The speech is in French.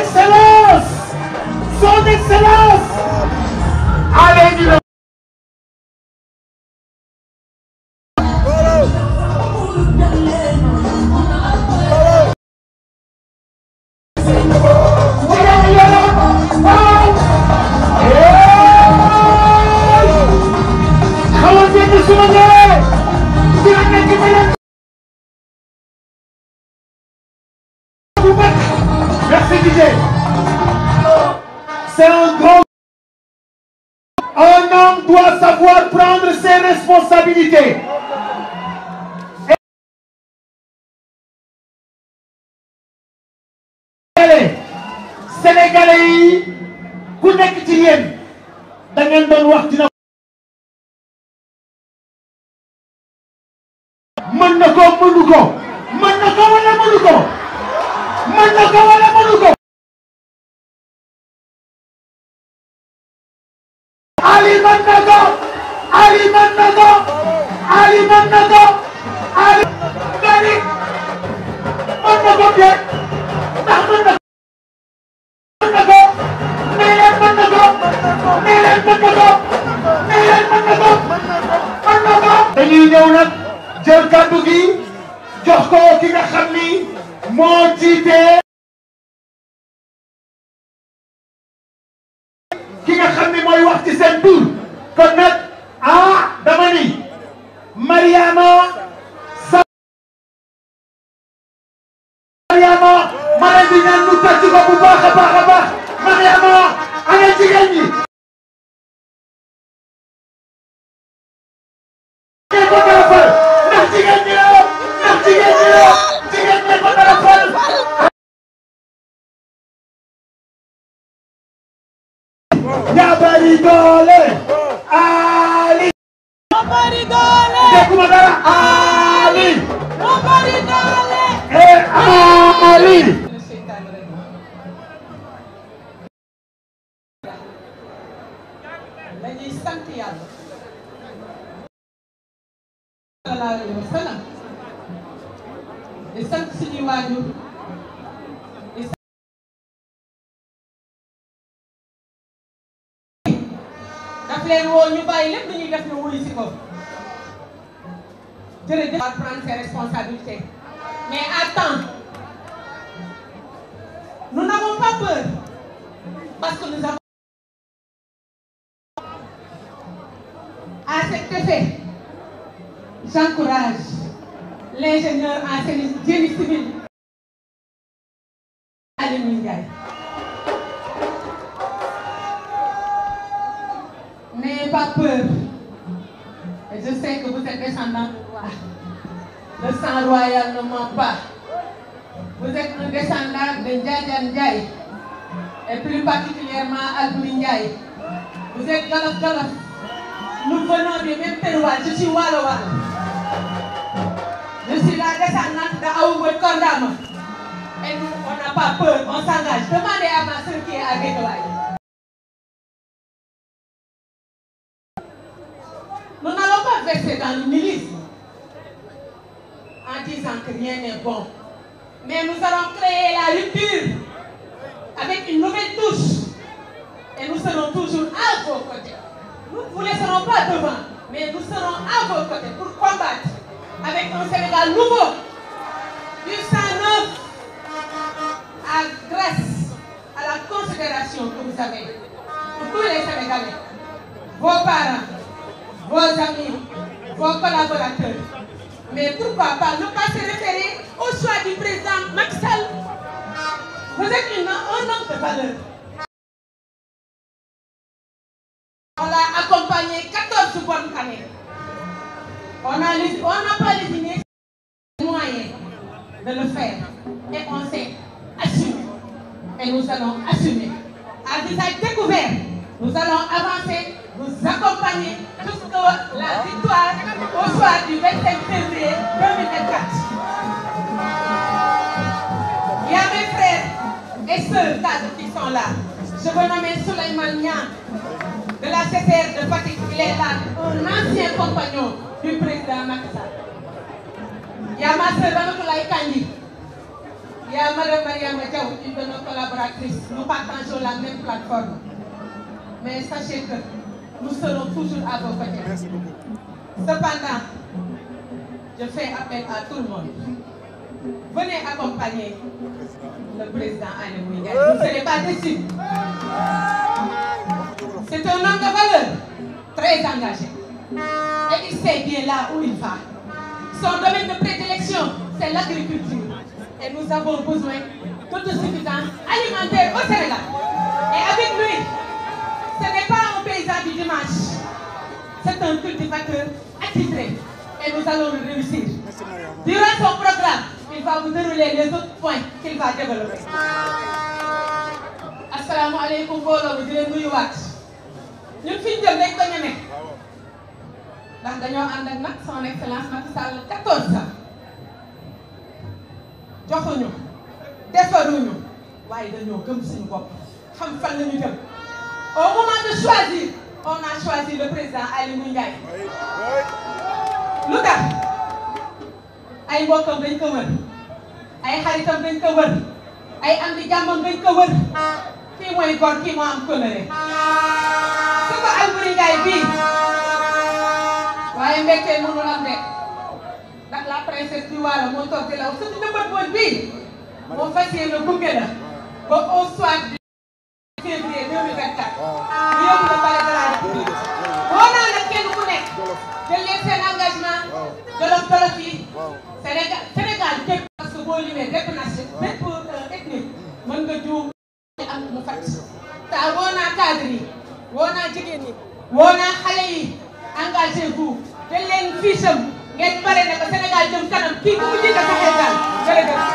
Excellence, Son Excellence, avec Come on, get this one down! C'est un grand... Un homme doit savoir prendre ses responsabilités. Sénégalais yi ku nekk ci Ali mën na ko Ali mën na ko Ali mën na ko Ali mën na ko bien ndax mën na ko mën na ko nee leen mën na ko nee leen mën na ko nee leen mën na ko mën na ko dañuy ñëw nag jël kàddu gi jox ko ki nga xam ni moo jiite Mariama ma leen di ñaan ñu tàcc ko bu baax a baax a baax Mariama ana jigéen ñi. jigéen ko dara fal ndax jigéen ñi la ndax jigéen ñi la jigéen ñi ko dara fal. yaa bari doole. Ali. yaa bari doole. déggu ma dara. et ce sant suñuy prendre ses responsabilités mais attends, nous n'avons pas peur parce que nous avons à j'encourage l'ingénieur en génie civil Aliou n'ayez pas peur et je sais que vous êtes descendant de roi le sang royal ne ment pas vous êtes un descendant de Ndiaye Ndiaye et plus particulièrement Albouri Ndiaye vous êtes galop galop. nous venons de même terroir, je suis Walo je suis la descendante d'Aouwe Kondama. Et nous, on n'a pas peur, on s'engage. Demandez à ma soeur qui est avec moi. Nous n'allons pas verser dans milice en disant que rien n'est bon. Mais nous allons créer la rupture avec une nouvelle touche. Et nous serons toujours à vos côtés. Nous ne vous laisserons pas devant mais nous serons à vos côtés pour combattre avec un Sénégal nouveau, du sang à grâce à la considération que vous avez pour tous les Sénégalais, vos parents, vos amis, vos collaborateurs. Mais pourquoi pas ne pas se référer au choix du président Maxel? Vous êtes une, un homme de valeur. On n'a pas les moyens de le faire. Et on s'est assumé. Et nous allons assumer. À visage découvert, nous allons avancer, nous accompagner jusqu'à la victoire au soir du 25 février 2024. Il y a mes frères et sœurs qui sont là. Je veux nommer Souleymane Nian de la CPR de Patrick. Il est là, un ancien compagnon du président Maxa. Il y a ma sœur Ramatoulaye il y a madame Maria Diaw une de nos collaboratrices nous partageons la même plateforme mais sachez que nous serons toujours à vos côtés cependant je fais appel à tout le monde venez accompagner le président Anne Ngouille vous ne serez pas déçus c'est un homme de valeur très engagé il sait bien là où il va. Son domaine de prédilection, c'est l'agriculture. Et nous avons besoin est alimentaire au Sénégal. Et avec lui, ce n'est pas un paysage du dimanche, c'est un cultivateur attitré. Et nous allons le réussir. Durant son programme, il va vous dérouler les autres points qu'il va développer. ndax dañoo ànd ak nag son excellence Macky Sall 14 ans joxuñu defaruñu waaye dañoo gëm suñu bopp xam fan la ñu jëm au moment de choisir on a choisi le président Aliou Ndiaye lu tax ay mbokkam dañ ko wër ay xaritam dañ ko wër ay am di jàmbam dañ ko wër kii mooy gor kii moo am coloré su ko Aliou Ndiaye bii waaye mbégte mënul am de ndax la princesse du Waalo moo toog di law suñu nëbët woon bii moo fas yéene gunge la ba au soir du février 2024. yëpp la pare de la République. woo naa nag kenn ku nekk jël leen seen engagement. dolof dolof yi. Sénégal Sénégal képp parce que boo limee bépp nation bépp euh, ethnique mën nga juum am mu fàtt. te woo naa cadre yi woo naa jigéen yi woo naa xale yi engagé vous. jël leen fiisam ngeen pare ne ko Sénégal jëm kanam kii bu mu jiite sa